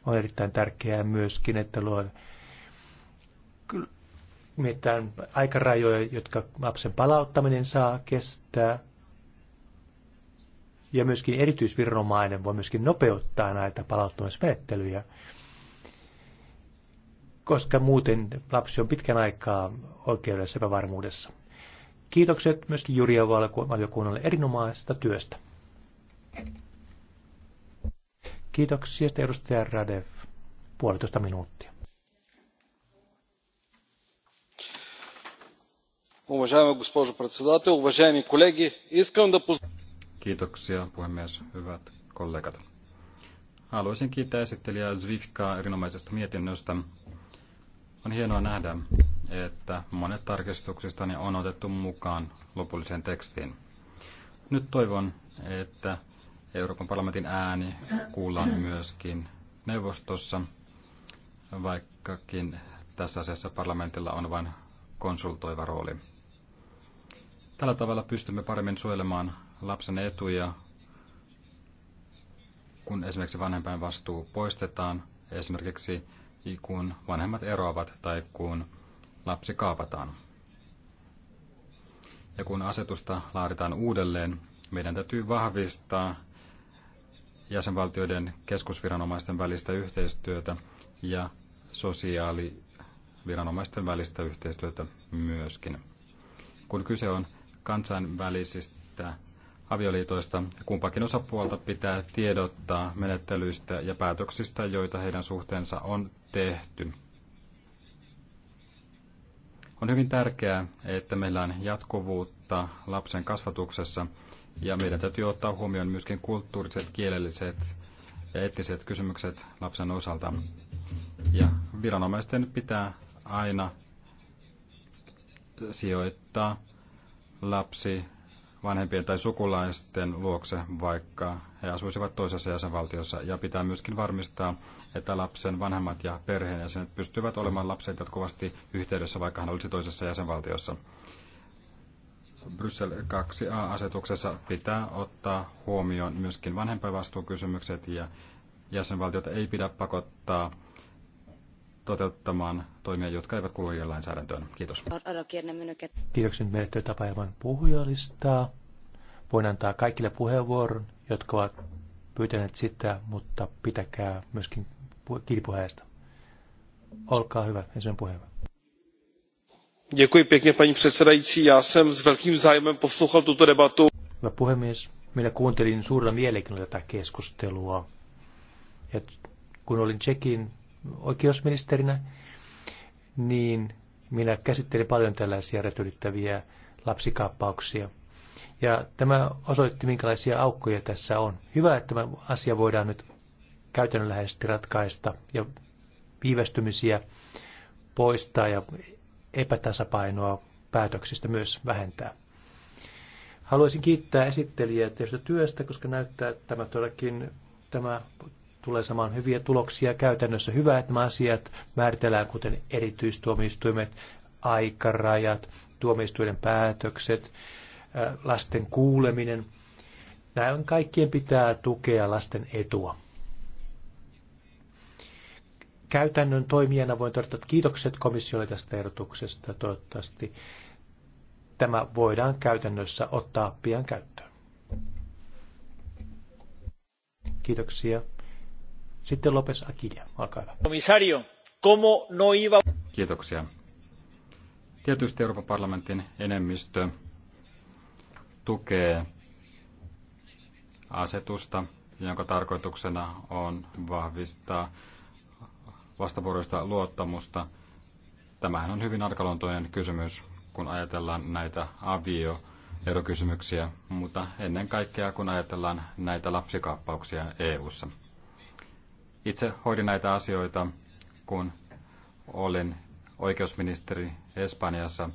On erittäin tärkeää myöskin, että luodaan mietitään aikarajoja, jotka lapsen palauttaminen saa kestää. Ja myöskin erityisviranomainen voi myöskin nopeuttaa näitä palauttamismenettelyjä, koska muuten lapsi on pitkän aikaa oikeudessa epävarmuudessa. Kiitokset myöskin Jurjan valiokunnalle erinomaisesta työstä. Kiitoksia, edustaja Radev. Puolitoista minuuttia. Уважаема госпожо председател, уважаеми колеги, искам да Kiitoksia puhemies, hyvät kollegat. Haluaisin kiittää esittelijää Zvifkaa erinomaisesta mietinnöstä. On hienoa nähdä, että monet tarkistuksistani on otettu mukaan lopulliseen tekstiin. Nyt toivon, että Euroopan parlamentin ääni kuullaan myöskin neuvostossa, vaikkakin tässä asiassa parlamentilla on vain konsultoiva rooli. Tällä tavalla pystymme paremmin suojelemaan lapsen etuja, kun esimerkiksi vanhempain vastuu poistetaan, esimerkiksi kun vanhemmat eroavat tai kun lapsi kaapataan. Ja kun asetusta laaditaan uudelleen, meidän täytyy vahvistaa jäsenvaltioiden keskusviranomaisten välistä yhteistyötä ja sosiaaliviranomaisten välistä yhteistyötä myöskin. Kun kyse on kansainvälisistä avioliitoista. Kumpakin osapuolta pitää tiedottaa menettelyistä ja päätöksistä, joita heidän suhteensa on tehty. On hyvin tärkeää, että meillä on jatkuvuutta lapsen kasvatuksessa ja meidän täytyy ottaa huomioon myöskin kulttuuriset, kielelliset ja eettiset kysymykset lapsen osalta. Ja viranomaisten pitää aina sijoittaa lapsi vanhempien tai sukulaisten luokse, vaikka he asuisivat toisessa jäsenvaltiossa. Ja pitää myöskin varmistaa, että lapsen vanhemmat ja perheenjäsenet pystyvät olemaan lapset jatkuvasti yhteydessä, vaikka hän olisi toisessa jäsenvaltiossa. Bryssel 2a-asetuksessa pitää ottaa huomioon myöskin vanhempainvastuukysymykset ja jäsenvaltiota ei pidä pakottaa toteuttamaan toimia, jotka eivät kuulu lainsäädäntöön. Kiitos. Kiitoksia nyt menettelytapa ilman puhujalistaa. Voin antaa kaikille puheenvuoron, jotka ovat pyytäneet sitä, mutta pitäkää myöskin kiinni puheesta. Olkaa hyvä, ensimmäinen puheenvuoro. Děkuji pěkně, paní předsedající. Já jsem s velkým zájmem poslouchal tuto debatu. Hyvä puhemies, minä kuuntelin suurella mielenkiinnolla tätä keskustelua. Ja kun olin Tsekin oikeusministerinä, niin minä käsittelin paljon tällaisia retyrittäviä lapsikaappauksia. Ja tämä osoitti, minkälaisia aukkoja tässä on. Hyvä, että tämä asia voidaan nyt käytännönläheisesti ratkaista ja viivästymisiä poistaa ja epätasapainoa päätöksistä myös vähentää. Haluaisin kiittää esittelijää tästä työstä, koska näyttää, että tämä todellakin tämä tulee saamaan hyviä tuloksia käytännössä. Hyvä, että nämä asiat määritellään, kuten erityistuomioistuimet, aikarajat, tuomioistuimen päätökset, lasten kuuleminen. Näin kaikkien pitää tukea lasten etua. Käytännön toimijana voin todeta, että kiitokset komissiolle tästä ehdotuksesta. Toivottavasti tämä voidaan käytännössä ottaa pian käyttöön. Kiitoksia. Sitten Lopes olkaa hyvä. Komisario, como no iba... Kiitoksia. Tietysti Euroopan parlamentin enemmistö tukee asetusta, jonka tarkoituksena on vahvistaa vastavuoroista luottamusta. Tämähän on hyvin arkaluontoinen kysymys, kun ajatellaan näitä avio erokysymyksiä, mutta ennen kaikkea kun ajatellaan näitä lapsikaappauksia EU:ssa. ssa itse hoidin näitä asioita, kun olin oikeusministeri Espanjassa.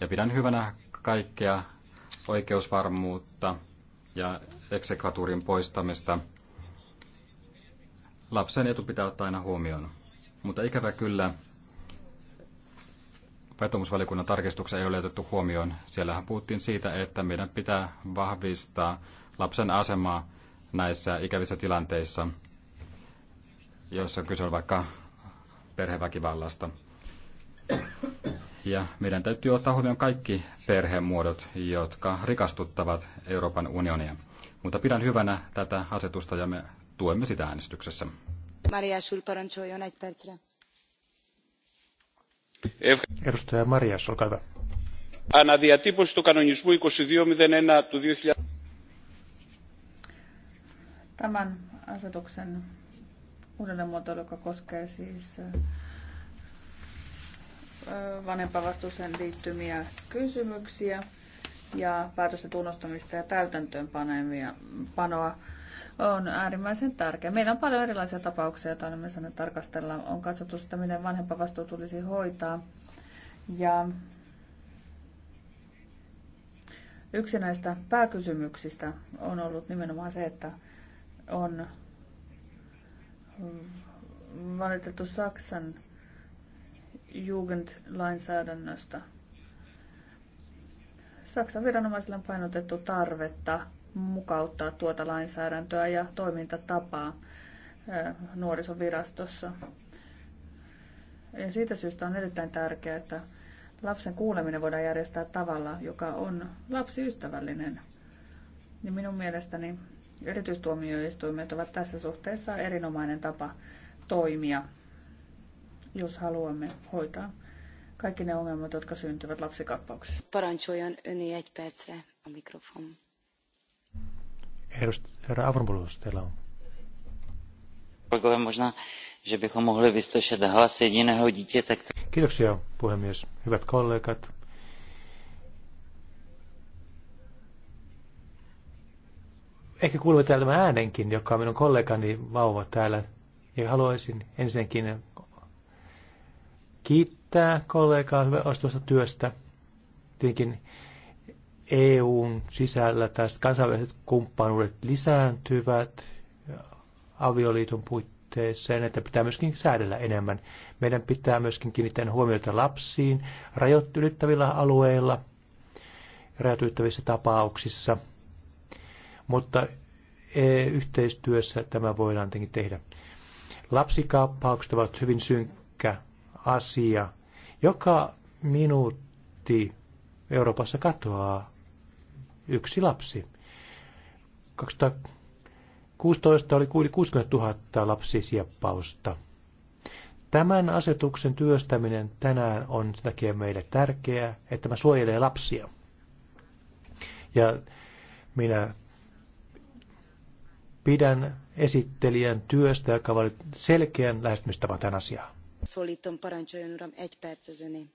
Ja pidän hyvänä kaikkea oikeusvarmuutta ja eksekvatuurin poistamista. Lapsen etu pitää ottaa aina huomioon. Mutta ikävä kyllä, vetomusvalikunnan tarkistuksia ei ole otettu huomioon. Siellähän puhuttiin siitä, että meidän pitää vahvistaa lapsen asemaa näissä ikävissä tilanteissa – on kyse on vaikka perheväkivallasta. Ja meidän täytyy ottaa huomioon kaikki perhemuodot, jotka rikastuttavat Euroopan unionia. Mutta pidän hyvänä tätä asetusta ja me tuemme sitä äänestyksessä. Maria Schulparancho, Jonait Pertilä. Edustaja Maria, olkaa hyvä. Αναδιατύπωση του κανονισμού 2201 του Tämän asetuksen muotoilu, joka koskee siis vanhempavastuuseen liittymiä kysymyksiä ja päätösten tunnustamista ja täytäntöönpanoa on äärimmäisen tärkeä. Meillä on paljon erilaisia tapauksia, joita olemme saaneet tarkastella. On katsottu sitä, miten vanhempavastuu tulisi hoitaa. Ja yksi näistä pääkysymyksistä on ollut nimenomaan se, että on valitettu Saksan jugendlainsäädännöstä. Saksan viranomaisilla on painotettu tarvetta mukauttaa tuota lainsäädäntöä ja toimintatapaa nuorisovirastossa. Ja siitä syystä on erittäin tärkeää, että lapsen kuuleminen voidaan järjestää tavalla, joka on lapsiystävällinen. Niin minun mielestäni Yritystuomioistuimet ovat tässä suhteessa erinomainen tapa toimia, jos haluamme hoitaa kaikki ne ongelmat, jotka syntyvät lapsikappauksessa. Parantsojan öni egy percre a mikrofon. Herra Avramopoulos, teillä on. Kolegové, možná, že bychom mohli hlas jediného Kiitoksia, puhemies. Hyvät kollegat, ehkä kuulemme täällä tämän äänenkin, joka on minun kollegani vauva täällä. Ja haluaisin ensinnäkin kiittää kollegaa hyvästä työstä. Tietenkin EUn sisällä tästä kansainväliset kumppanuudet lisääntyvät avioliiton puitteissa, että pitää myöskin säädellä enemmän. Meidän pitää myöskin kiinnittää huomiota lapsiin rajat alueilla, rajat tapauksissa – mutta e, yhteistyössä tämä voidaan tietenkin tehdä. Lapsikaappaukset ovat hyvin synkkä asia. Joka minuutti Euroopassa katoaa yksi lapsi. 2016 oli 60 000 lapsisieppausta. Tämän asetuksen työstäminen tänään on sen takia meille tärkeää, että tämä suojelee lapsia. Ja minä pidän esittelijän työstä, joka oli selkeän lähestymistavan tämän asiaan. Soliton parantajan uram, egy percezeni.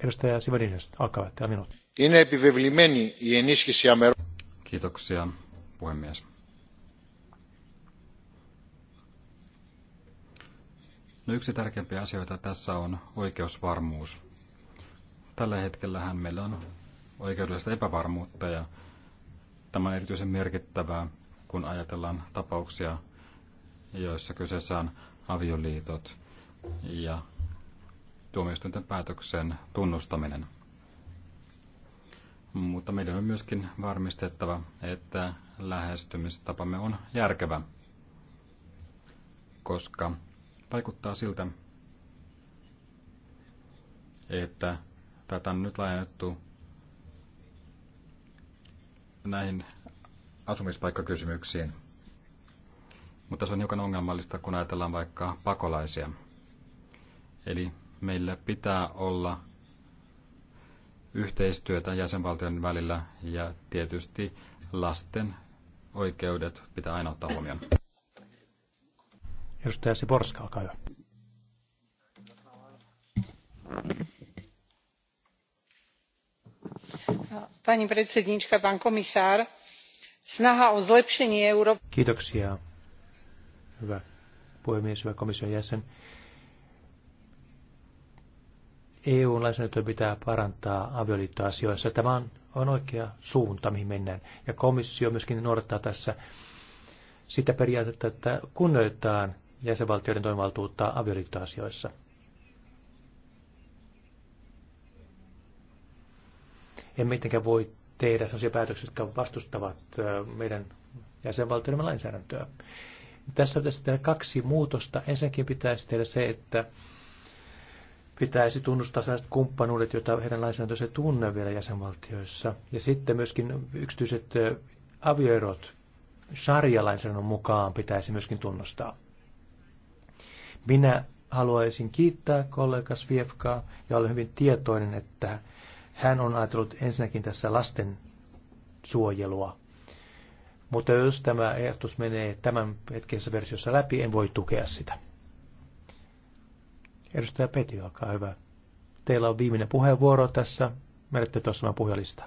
Edustaja Sivadinas, alkaa vettä minuutti. Είναι επιβεβλημένη η ενίσχυση αμερών. Kiitoksia, puhemies. No yksi tärkeimpiä asioita tässä on oikeusvarmuus. Tällä hetkellähän meillä on oikeudellista epävarmuutta ja tämä on erityisen merkittävää kun ajatellaan tapauksia, joissa kyseessä on avioliitot ja tuomioistuinten päätöksen tunnustaminen. Mutta meidän on myöskin varmistettava, että lähestymistapamme on järkevä, koska vaikuttaa siltä, että tätä on nyt laajennettu näihin asumispaikkakysymyksiin. Mutta se on hiukan ongelmallista, kun ajatellaan vaikka pakolaisia. Eli meillä pitää olla yhteistyötä jäsenvaltion välillä ja tietysti lasten oikeudet pitää aina ottaa huomioon. Edustaja Siborska, olkaa hyvä. Pani predsednička, pán komisár, Snaha o zlepšenie Euroopan... Kiitoksia, hyvä puhemies, hyvä komission jäsen. EU-lainsäädäntöä pitää parantaa avioliittoasioissa. Tämä on, on oikea suunta, mihin mennään. Ja komissio myöskin noudattaa tässä sitä periaatetta, että kunnioitetaan jäsenvaltioiden toimivaltuutta avioliittoasioissa. En mitenkään voi tehdä sellaisia päätöksiä, jotka vastustavat meidän jäsenvaltioiden lainsäädäntöä. Tässä pitäisi tehdä kaksi muutosta. Ensinnäkin pitäisi tehdä se, että pitäisi tunnustaa sellaiset kumppanuudet, joita heidän lainsäädäntönsä ei tunne vielä jäsenvaltioissa. Ja sitten myöskin yksityiset avioerot sharia-lainsäädännön mukaan pitäisi myöskin tunnustaa. Minä haluaisin kiittää kollega Sviefkaa ja olen hyvin tietoinen, että hän on ajatellut ensinnäkin tässä lasten suojelua. Mutta jos tämä ehdotus menee tämän hetkessä versiossa läpi, en voi tukea sitä. Edustaja Peti, olkaa hyvä. Teillä on viimeinen puheenvuoro tässä. Merette tuossa on puhelista.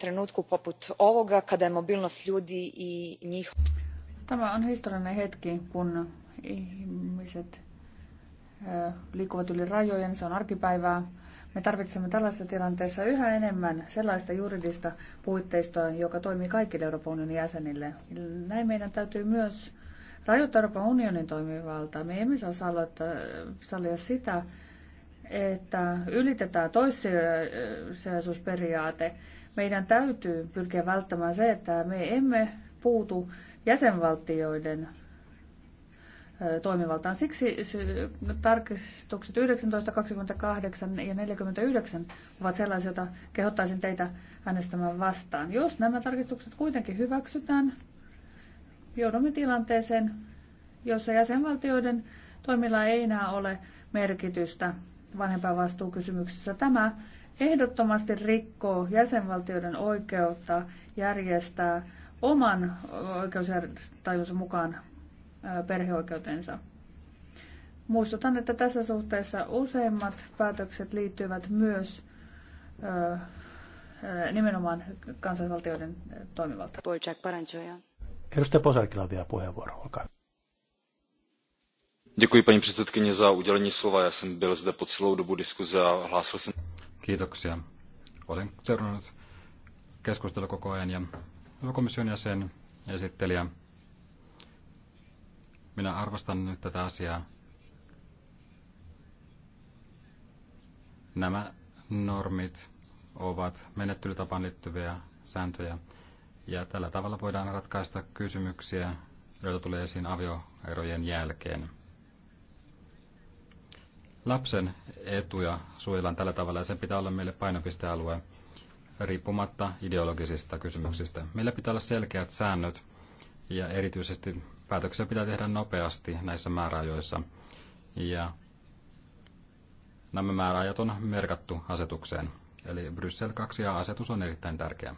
trenutku poput i Tämä on historiallinen hetki, kun ihmiset liikkuvat yli rajojen. Se on arkipäivää me tarvitsemme tällaisessa tilanteessa yhä enemmän sellaista juridista puitteistoa, joka toimii kaikille Euroopan unionin jäsenille. Näin meidän täytyy myös rajoittaa Euroopan unionin toimivaltaa. Me emme saa sallia sitä, että ylitetään toissijaisuusperiaate. Meidän täytyy pyrkiä välttämään se, että me emme puutu jäsenvaltioiden toimivaltaan. Siksi tarkistukset 19, 28 ja 49 ovat sellaisia, joita kehottaisin teitä äänestämään vastaan. Jos nämä tarkistukset kuitenkin hyväksytään, joudumme tilanteeseen, jossa jäsenvaltioiden toimilla ei enää ole merkitystä vanhempainvastuukysymyksessä. Tämä ehdottomasti rikkoo jäsenvaltioiden oikeutta järjestää oman oikeusjärjestelmänsä mukaan perheoikeutensa. Muistutan, että tässä suhteessa useimmat päätökset liittyvät myös nimenomaan kansanvaltioiden toimivaltaan. Bojack Paranjoja. Edustaja Posarkilla vielä puheenvuoro, olkaa Děkuji paní předsedkyně za udělení slova. Já jsem byl zde po celou dobu diskuze a hlásil jsem. Kiitoksia. Olen seurannut keskustelua koko ajan ja komission jäsen esittelijä minä arvostan nyt tätä asiaa. Nämä normit ovat menettelytapaan liittyviä sääntöjä. Ja tällä tavalla voidaan ratkaista kysymyksiä, joita tulee esiin avioerojen jälkeen. Lapsen etuja suojellaan tällä tavalla ja sen pitää olla meille painopistealue riippumatta ideologisista kysymyksistä. Meillä pitää olla selkeät säännöt ja erityisesti päätöksiä pitää tehdä nopeasti näissä määräajoissa. Ja nämä määräajat on merkattu asetukseen. Eli Bryssel 2A-asetus on erittäin tärkeä.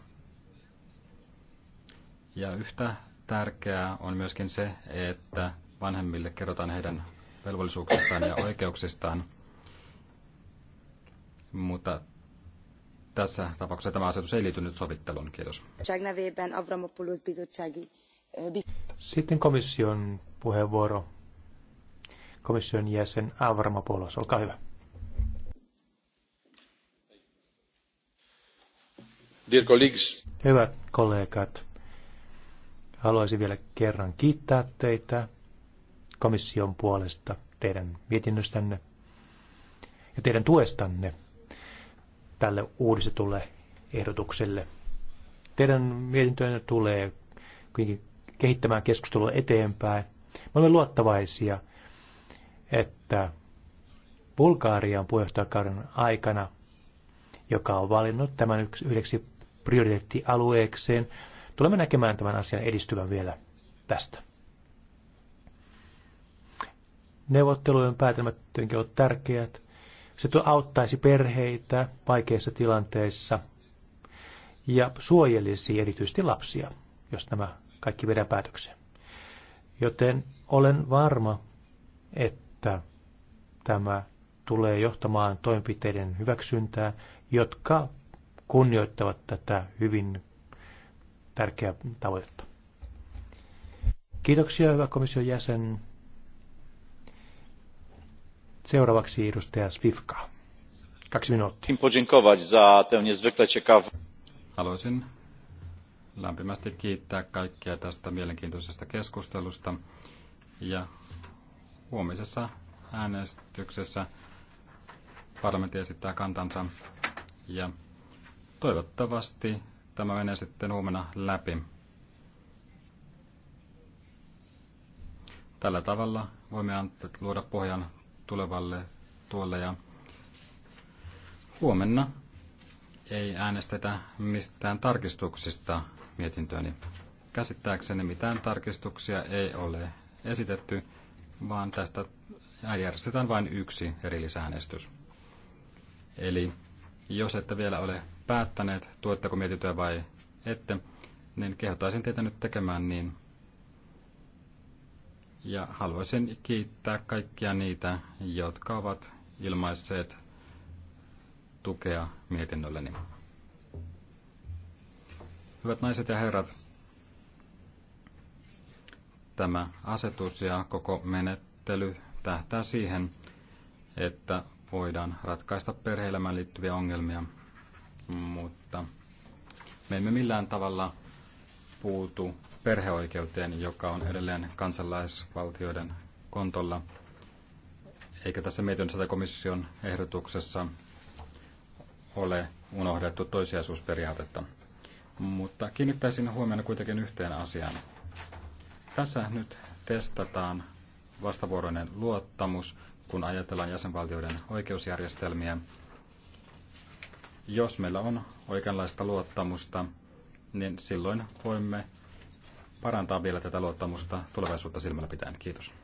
Ja yhtä tärkeää on myöskin se, että vanhemmille kerrotaan heidän velvollisuuksistaan ja oikeuksistaan. Mutta tässä tapauksessa tämä asetus ei liity nyt sovitteluun. Kiitos. Sitten komission puheenvuoro. Komission jäsen Avramopoulos, olkaa hyvä. Dear colleagues. Hyvät kollegat, haluaisin vielä kerran kiittää teitä komission puolesta teidän mietinnöstänne ja teidän tuestanne tälle uudistetulle ehdotukselle. Teidän mietintöönne tulee kuitenkin kehittämään keskustelua eteenpäin. Me olemme luottavaisia, että Bulgarian puheenjohtajakauden aikana, joka on valinnut tämän yhdeksi prioriteettialueekseen, tulemme näkemään tämän asian edistyvän vielä tästä. Neuvottelujen päätelmät ovat tärkeät. Se auttaisi perheitä vaikeissa tilanteissa ja suojelisi erityisesti lapsia, jos nämä kaikki viedään päätöksiä. Joten olen varma, että tämä tulee johtamaan toimenpiteiden hyväksyntää, jotka kunnioittavat tätä hyvin tärkeää tavoitetta. Kiitoksia, hyvä komission jäsen. Seuraavaksi edustaja Svifka. Kaksi minuuttia. Haluaisin lämpimästi kiittää kaikkia tästä mielenkiintoisesta keskustelusta. Ja huomisessa äänestyksessä parlamentti esittää kantansa ja toivottavasti tämä menee sitten huomenna läpi. Tällä tavalla voimme luoda pohjan tulevalle tuolle ja huomenna ei äänestetä mistään tarkistuksista Mietintöäni Käsittääkseni mitään tarkistuksia ei ole esitetty, vaan tästä järjestetään vain yksi erillisäänestys. Eli jos ette vielä ole päättäneet, tuetteko mietintöä vai ette, niin kehotaisin teitä nyt tekemään niin. Ja haluaisin kiittää kaikkia niitä, jotka ovat ilmaisseet tukea mietinnölleni. Hyvät naiset ja herrat, tämä asetus ja koko menettely tähtää siihen, että voidaan ratkaista perheelämään liittyviä ongelmia, mutta me emme millään tavalla puutu perheoikeuteen, joka on edelleen kansalaisvaltioiden kontolla, eikä tässä mietinnössä tai komission ehdotuksessa ole unohdettu toisiasuusperiaatetta. Mutta kiinnittäisin huomioon kuitenkin yhteen asiaan. Tässä nyt testataan vastavuoroinen luottamus, kun ajatellaan jäsenvaltioiden oikeusjärjestelmiä. Jos meillä on oikeanlaista luottamusta, niin silloin voimme parantaa vielä tätä luottamusta tulevaisuutta silmällä pitäen. Kiitos.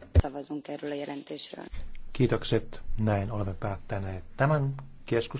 Kiitokset. Näin olemme päättäneet tämän keskustelun.